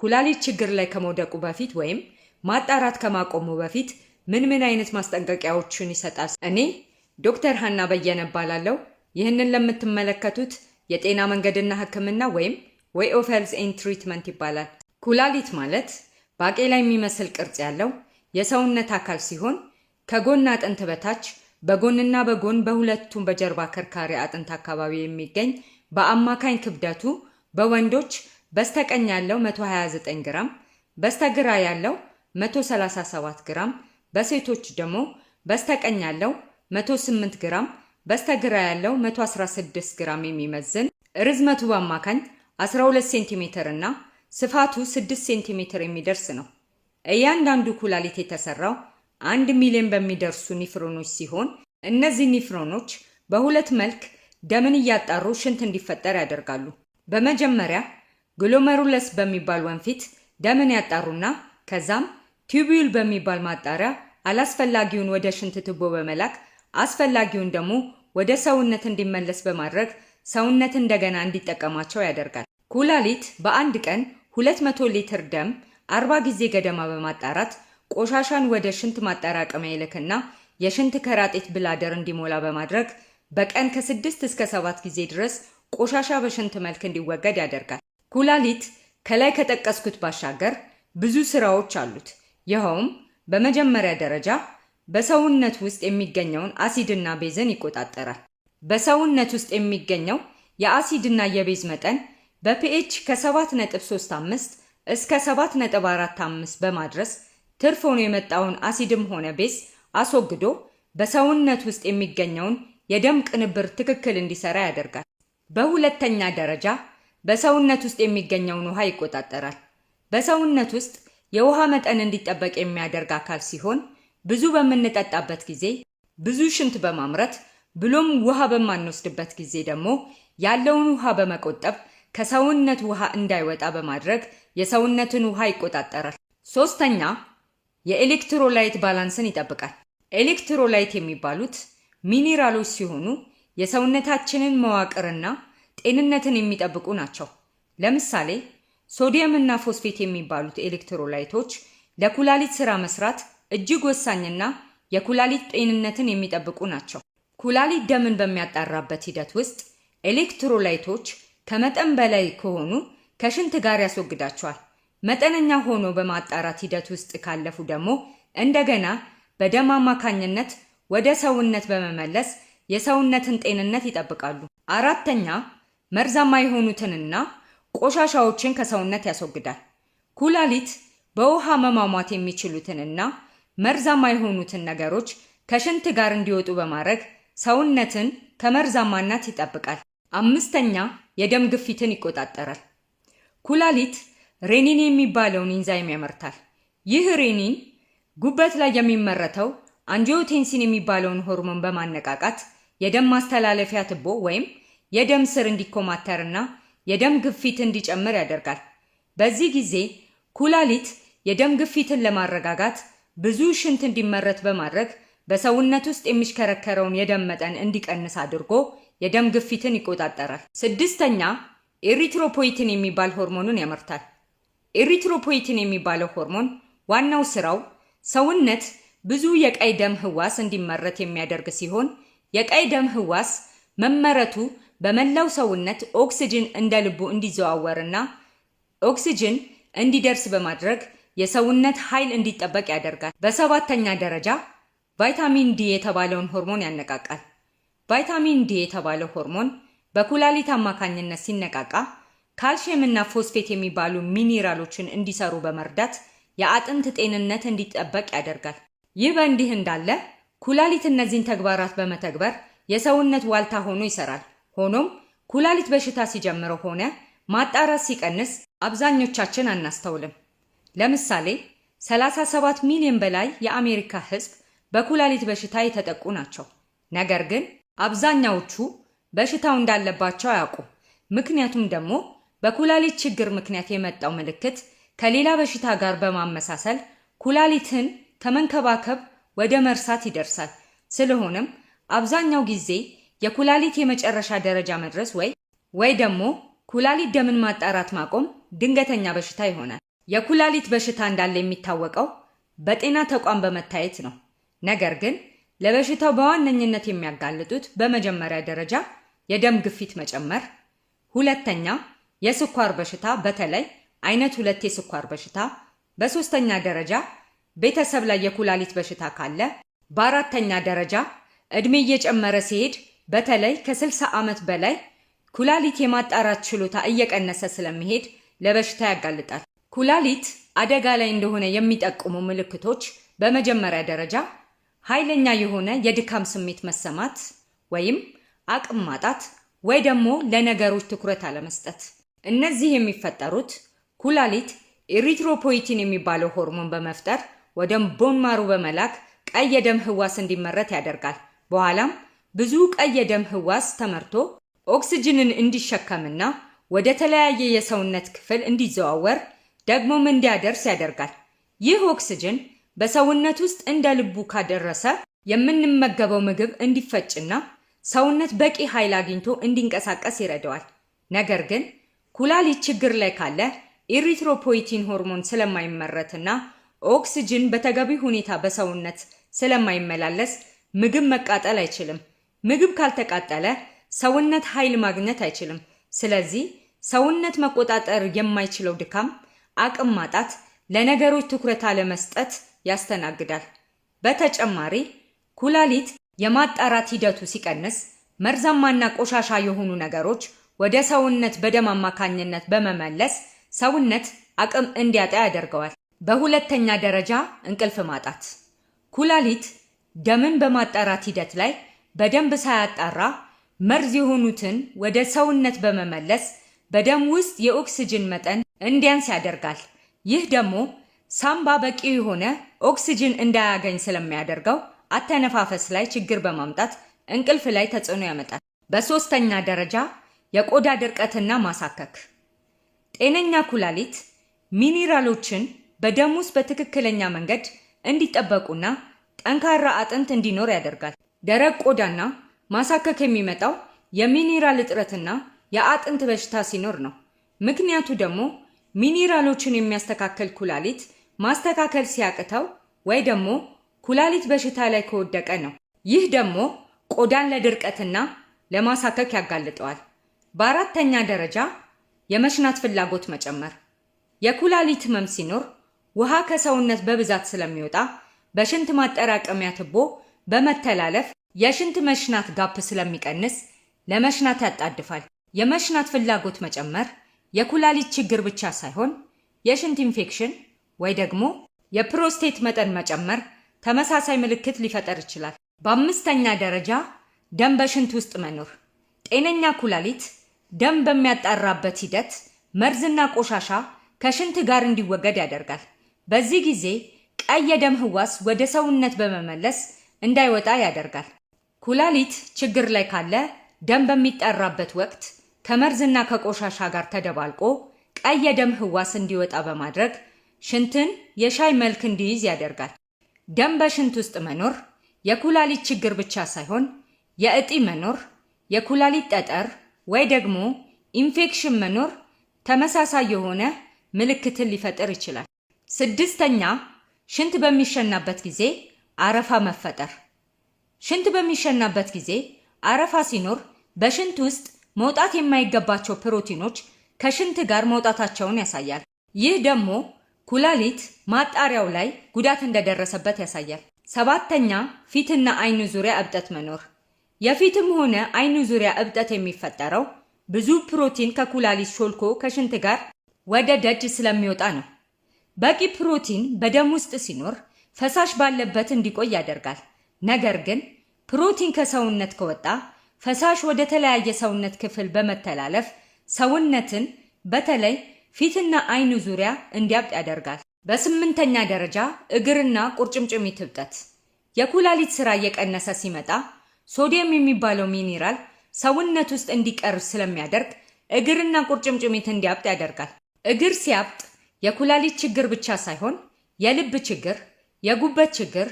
ኩላሊት ችግር ላይ ከመውደቁ በፊት ወይም ማጣራት ከማቆሙ በፊት ምን ምን አይነት ማስጠንቀቂያዎችን ይሰጣል? እኔ ዶክተር ሀና በየነ እባላለሁ። ይህንን ለምትመለከቱት የጤና መንገድና ሕክምና ወይም ወይ ኦፍ ሄልዝ ትሪትመንት ይባላል። ኩላሊት ማለት ባቄላ የሚመስል ቅርጽ ያለው የሰውነት አካል ሲሆን ከጎን አጥንት በታች በጎንና በጎን በሁለቱም በጀርባ ከርካሪ አጥንት አካባቢ የሚገኝ በአማካኝ ክብደቱ በወንዶች በስተቀኝ ያለው 129 ግራም፣ በስተግራ ያለው 137 ግራም፣ በሴቶች ደግሞ በስተቀኝ ያለው 108 ግራም፣ በስተግራ ያለው 116 ግራም የሚመዝን ርዝመቱ በአማካኝ 12 ሴንቲሜትር እና ስፋቱ 6 ሴንቲሜትር የሚደርስ ነው። እያንዳንዱ ኩላሊት የተሰራው አንድ ሚሊዮን በሚደርሱ ኒፍሮኖች ሲሆን እነዚህ ኒፍሮኖች በሁለት መልክ ደምን እያጣሩ ሽንት እንዲፈጠር ያደርጋሉ። በመጀመሪያ ግሎመሩለስ በሚባል ወንፊት ደምን ያጣሩና ከዛም ቲቢዩል በሚባል ማጣሪያ አላስፈላጊውን ወደ ሽንት ቱቦ በመላክ አስፈላጊውን ደግሞ ወደ ሰውነት እንዲመለስ በማድረግ ሰውነት እንደገና እንዲጠቀማቸው ያደርጋል። ኩላሊት በአንድ ቀን 200 ሊትር ደም 40 ጊዜ ገደማ በማጣራት ቆሻሻን ወደ ሽንት ማጠራቀሚያ ይልክና የሽንት ከራጤት ብላደር እንዲሞላ በማድረግ በቀን ከ6 እስከ 7 ጊዜ ድረስ ቆሻሻ በሽንት መልክ እንዲወገድ ያደርጋል። ኩላሊት ከላይ ከጠቀስኩት ባሻገር ብዙ ስራዎች አሉት። ይኸውም በመጀመሪያ ደረጃ በሰውነት ውስጥ የሚገኘውን አሲድና ቤዝን ይቆጣጠራል። በሰውነት ውስጥ የሚገኘው የአሲድና የቤዝ መጠን በፒኤች ከ7.35 እስከ 7.45 በማድረስ ትርፎን የመጣውን አሲድም ሆነ ቤዝ አስወግዶ በሰውነት ውስጥ የሚገኘውን የደም ቅንብር ትክክል እንዲሰራ ያደርጋል። በሁለተኛ ደረጃ በሰውነት ውስጥ የሚገኘውን ውሃ ይቆጣጠራል። በሰውነት ውስጥ የውሃ መጠን እንዲጠበቅ የሚያደርግ አካል ሲሆን ብዙ በምንጠጣበት ጊዜ ብዙ ሽንት በማምረት ብሎም ውሃ በማንወስድበት ጊዜ ደግሞ ያለውን ውሃ በመቆጠብ ከሰውነት ውሃ እንዳይወጣ በማድረግ የሰውነትን ውሃ ይቆጣጠራል። ሶስተኛ የኤሌክትሮላይት ባላንስን ይጠብቃል። ኤሌክትሮላይት የሚባሉት ሚኒራሎች ሲሆኑ የሰውነታችንን መዋቅርና ጤንነትን የሚጠብቁ ናቸው። ለምሳሌ ሶዲየም እና ፎስፌት የሚባሉት ኤሌክትሮላይቶች ለኩላሊት ስራ መስራት እጅግ ወሳኝና የኩላሊት ጤንነትን የሚጠብቁ ናቸው። ኩላሊት ደምን በሚያጣራበት ሂደት ውስጥ ኤሌክትሮላይቶች ከመጠን በላይ ከሆኑ ከሽንት ጋር ያስወግዳቸዋል። መጠነኛ ሆኖ በማጣራት ሂደት ውስጥ ካለፉ ደግሞ እንደገና በደም አማካኝነት ወደ ሰውነት በመመለስ የሰውነትን ጤንነት ይጠብቃሉ። አራተኛ መርዛማ የሆኑትንና ቆሻሻዎችን ከሰውነት ያስወግዳል። ኩላሊት በውሃ መሟሟት የሚችሉትንና መርዛማ የሆኑትን ነገሮች ከሽንት ጋር እንዲወጡ በማድረግ ሰውነትን ከመርዛማነት ይጠብቃል። አምስተኛ የደም ግፊትን ይቆጣጠራል። ኩላሊት ሬኒን የሚባለውን ኢንዛይም ያመርታል። ይህ ሬኒን ጉበት ላይ የሚመረተው አንጂዮቴንሲን የሚባለውን ሆርሞን በማነቃቃት የደም ማስተላለፊያ ትቦ ወይም የደም ስር እንዲኮማተርና የደም ግፊት እንዲጨምር ያደርጋል። በዚህ ጊዜ ኩላሊት የደም ግፊትን ለማረጋጋት ብዙ ሽንት እንዲመረት በማድረግ በሰውነት ውስጥ የሚሽከረከረውን የደም መጠን እንዲቀንስ አድርጎ የደም ግፊትን ይቆጣጠራል። ስድስተኛ ኤሪትሮፖይትን የሚባል ሆርሞኑን ያመርታል። ኤሪትሮፖይትን የሚባለው ሆርሞን ዋናው ስራው ሰውነት ብዙ የቀይ ደም ህዋስ እንዲመረት የሚያደርግ ሲሆን የቀይ ደም ህዋስ መመረቱ በመላው ሰውነት ኦክስጅን እንደ ልቡ እንዲዘዋወርና ኦክስጅን እንዲደርስ በማድረግ የሰውነት ኃይል እንዲጠበቅ ያደርጋል። በሰባተኛ ደረጃ ቫይታሚን ዲ የተባለውን ሆርሞን ያነቃቃል። ቫይታሚን ዲ የተባለው ሆርሞን በኩላሊት አማካኝነት ሲነቃቃ ካልሽየም እና ፎስፌት የሚባሉ ሚኒራሎችን እንዲሰሩ በመርዳት የአጥንት ጤንነት እንዲጠበቅ ያደርጋል። ይህ በእንዲህ እንዳለ ኩላሊት እነዚህን ተግባራት በመተግበር የሰውነት ዋልታ ሆኖ ይሰራል። ሆኖም ኩላሊት በሽታ ሲጀምረው ሆነ ማጣራት ሲቀንስ አብዛኞቻችን አናስተውልም። ለምሳሌ 37 ሚሊዮን በላይ የአሜሪካ ሕዝብ በኩላሊት በሽታ የተጠቁ ናቸው። ነገር ግን አብዛኛዎቹ በሽታው እንዳለባቸው አያውቁ። ምክንያቱም ደግሞ በኩላሊት ችግር ምክንያት የመጣው ምልክት ከሌላ በሽታ ጋር በማመሳሰል ኩላሊትን ከመንከባከብ ወደ መርሳት ይደርሳል። ስለሆነም አብዛኛው ጊዜ የኩላሊት የመጨረሻ ደረጃ መድረስ ወይ ወይ ደግሞ ኩላሊት ደምን ማጣራት ማቆም ድንገተኛ በሽታ ይሆናል። የኩላሊት በሽታ እንዳለ የሚታወቀው በጤና ተቋም በመታየት ነው። ነገር ግን ለበሽታው በዋነኝነት የሚያጋልጡት በመጀመሪያ ደረጃ የደም ግፊት መጨመር፣ ሁለተኛ የስኳር በሽታ በተለይ አይነት ሁለት የስኳር በሽታ፣ በሶስተኛ ደረጃ ቤተሰብ ላይ የኩላሊት በሽታ ካለ፣ በአራተኛ ደረጃ እድሜ እየጨመረ ሲሄድ በተለይ ከ60 ዓመት በላይ ኩላሊት የማጣራት ችሎታ እየቀነሰ ስለሚሄድ ለበሽታ ያጋልጣል። ኩላሊት አደጋ ላይ እንደሆነ የሚጠቁሙ ምልክቶች በመጀመሪያ ደረጃ ኃይለኛ የሆነ የድካም ስሜት መሰማት ወይም አቅም ማጣት ወይ ደግሞ ለነገሮች ትኩረት አለመስጠት። እነዚህ የሚፈጠሩት ኩላሊት ኢሪትሮፖይቲን የሚባለው ሆርሞን በመፍጠር ወደ ቦን በመላክ ቀይ የደም ህዋስ እንዲመረት ያደርጋል። በኋላም ብዙ ቀይ የደም ህዋስ ተመርቶ ኦክስጅንን እንዲሸከምና ወደ ተለያየ የሰውነት ክፍል እንዲዘዋወር ደግሞም እንዲያደርስ ያደርጋል። ይህ ኦክስጅን በሰውነት ውስጥ እንደ ልቡ ካደረሰ የምንመገበው ምግብ እንዲፈጭና ሰውነት በቂ ኃይል አግኝቶ እንዲንቀሳቀስ ይረዳዋል። ነገር ግን ኩላሊት ችግር ላይ ካለ ኢሪትሮፖይቲን ሆርሞን ስለማይመረትና ኦክስጅን በተገቢ ሁኔታ በሰውነት ስለማይመላለስ ምግብ መቃጠል አይችልም። ምግብ ካልተቃጠለ ሰውነት ኃይል ማግኘት አይችልም። ስለዚህ ሰውነት መቆጣጠር የማይችለው ድካም፣ አቅም ማጣት፣ ለነገሮች ትኩረት አለመስጠት ያስተናግዳል። በተጨማሪ ኩላሊት የማጣራት ሂደቱ ሲቀንስ መርዛማና ቆሻሻ የሆኑ ነገሮች ወደ ሰውነት በደም አማካኝነት በመመለስ ሰውነት አቅም እንዲያጣ ያደርገዋል። በሁለተኛ ደረጃ እንቅልፍ ማጣት ኩላሊት ደምን በማጣራት ሂደት ላይ በደንብ ሳያጣራ መርዝ የሆኑትን ወደ ሰውነት በመመለስ በደም ውስጥ የኦክስጅን መጠን እንዲያንስ ያደርጋል። ይህ ደግሞ ሳምባ በቂ የሆነ ኦክስጅን እንዳያገኝ ስለሚያደርገው አተነፋፈስ ላይ ችግር በማምጣት እንቅልፍ ላይ ተጽዕኖ ያመጣል። በሶስተኛ ደረጃ የቆዳ ድርቀትና ማሳከክ። ጤነኛ ኩላሊት ሚኒራሎችን በደም ውስጥ በትክክለኛ መንገድ እንዲጠበቁና ጠንካራ አጥንት እንዲኖር ያደርጋል። ደረቅ ቆዳና ማሳከክ የሚመጣው የሚኒራል እጥረትና የአጥንት በሽታ ሲኖር ነው። ምክንያቱ ደግሞ ሚኒራሎችን የሚያስተካከል ኩላሊት ማስተካከል ሲያቅተው ወይ ደግሞ ኩላሊት በሽታ ላይ ከወደቀ ነው። ይህ ደግሞ ቆዳን ለድርቀትና ለማሳከክ ያጋልጠዋል። በአራተኛ ደረጃ የመሽናት ፍላጎት መጨመር። የኩላሊት ህመም ሲኖር ውሃ ከሰውነት በብዛት ስለሚወጣ በሽንት ማጠራቀሚያ ትቦ በመተላለፍ የሽንት መሽናት ጋፕ ስለሚቀንስ ለመሽናት ያጣድፋል። የመሽናት ፍላጎት መጨመር የኩላሊት ችግር ብቻ ሳይሆን የሽንት ኢንፌክሽን ወይ ደግሞ የፕሮስቴት መጠን መጨመር ተመሳሳይ ምልክት ሊፈጠር ይችላል። በአምስተኛ ደረጃ ደም በሽንት ውስጥ መኖር። ጤነኛ ኩላሊት ደም በሚያጣራበት ሂደት መርዝና ቆሻሻ ከሽንት ጋር እንዲወገድ ያደርጋል። በዚህ ጊዜ ቀይ የደም ህዋስ ወደ ሰውነት በመመለስ እንዳይወጣ ያደርጋል። ኩላሊት ችግር ላይ ካለ ደም በሚጠራበት ወቅት ከመርዝና ከቆሻሻ ጋር ተደባልቆ ቀይ የደም ህዋስ እንዲወጣ በማድረግ ሽንትን የሻይ መልክ እንዲይዝ ያደርጋል። ደም በሽንት ውስጥ መኖር የኩላሊት ችግር ብቻ ሳይሆን የእጢ መኖር፣ የኩላሊት ጠጠር ወይ ደግሞ ኢንፌክሽን መኖር ተመሳሳይ የሆነ ምልክትን ሊፈጥር ይችላል። ስድስተኛ ሽንት በሚሸናበት ጊዜ አረፋ መፈጠር ሽንት በሚሸናበት ጊዜ አረፋ ሲኖር በሽንት ውስጥ መውጣት የማይገባቸው ፕሮቲኖች ከሽንት ጋር መውጣታቸውን ያሳያል። ይህ ደግሞ ኩላሊት ማጣሪያው ላይ ጉዳት እንደደረሰበት ያሳያል። ሰባተኛ ፊትና አይን ዙሪያ እብጠት መኖር። የፊትም ሆነ አይን ዙሪያ እብጠት የሚፈጠረው ብዙ ፕሮቲን ከኩላሊት ሾልኮ ከሽንት ጋር ወደ ደጅ ስለሚወጣ ነው። በቂ ፕሮቲን በደም ውስጥ ሲኖር ፈሳሽ ባለበት እንዲቆይ ያደርጋል። ነገር ግን ፕሮቲን ከሰውነት ከወጣ ፈሳሽ ወደ ተለያየ ሰውነት ክፍል በመተላለፍ ሰውነትን በተለይ ፊትና አይን ዙሪያ እንዲያብጥ ያደርጋል። በስምንተኛ ደረጃ እግርና ቁርጭምጭሚት እብጠት። የኩላሊት ስራ እየቀነሰ ሲመጣ ሶዲየም የሚባለው ሚኒራል ሰውነት ውስጥ እንዲቀርብ ስለሚያደርግ እግርና ቁርጭምጭሚት እንዲያብጥ ያደርጋል። እግር ሲያብጥ የኩላሊት ችግር ብቻ ሳይሆን የልብ ችግር የጉበት ችግር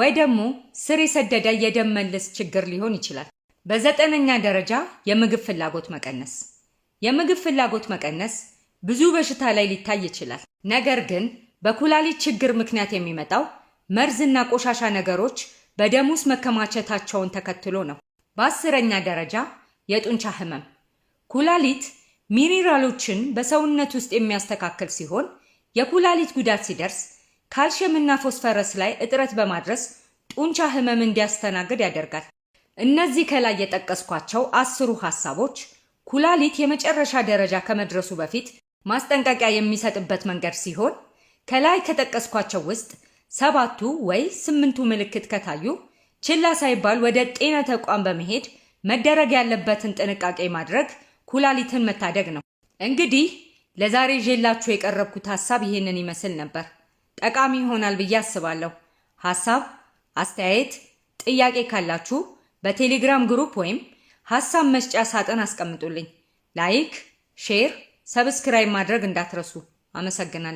ወይ ደግሞ ስር የሰደደ የደም መልስ ችግር ሊሆን ይችላል። በዘጠነኛ ደረጃ የምግብ ፍላጎት መቀነስ። የምግብ ፍላጎት መቀነስ ብዙ በሽታ ላይ ሊታይ ይችላል። ነገር ግን በኩላሊት ችግር ምክንያት የሚመጣው መርዝና ቆሻሻ ነገሮች በደም ውስጥ መከማቸታቸውን ተከትሎ ነው። በአስረኛ ደረጃ የጡንቻ ህመም። ኩላሊት ሚኒራሎችን በሰውነት ውስጥ የሚያስተካክል ሲሆን የኩላሊት ጉዳት ሲደርስ ካልሽየምና ፎስፈረስ ላይ እጥረት በማድረስ ጡንቻ ህመም እንዲያስተናግድ ያደርጋል። እነዚህ ከላይ የጠቀስኳቸው አስሩ ሀሳቦች ኩላሊት የመጨረሻ ደረጃ ከመድረሱ በፊት ማስጠንቀቂያ የሚሰጥበት መንገድ ሲሆን ከላይ ከጠቀስኳቸው ውስጥ ሰባቱ ወይ ስምንቱ ምልክት ከታዩ ችላ ሳይባል ወደ ጤና ተቋም በመሄድ መደረግ ያለበትን ጥንቃቄ ማድረግ ኩላሊትን መታደግ ነው። እንግዲህ ለዛሬ ዤላችሁ የቀረብኩት ሀሳብ ይህንን ይመስል ነበር። ጠቃሚ ይሆናል ብዬ አስባለሁ። ሀሳብ፣ አስተያየት፣ ጥያቄ ካላችሁ በቴሌግራም ግሩፕ ወይም ሀሳብ መስጫ ሳጥን አስቀምጡልኝ። ላይክ፣ ሼር፣ ሰብስክራይብ ማድረግ እንዳትረሱ። አመሰግናለሁ።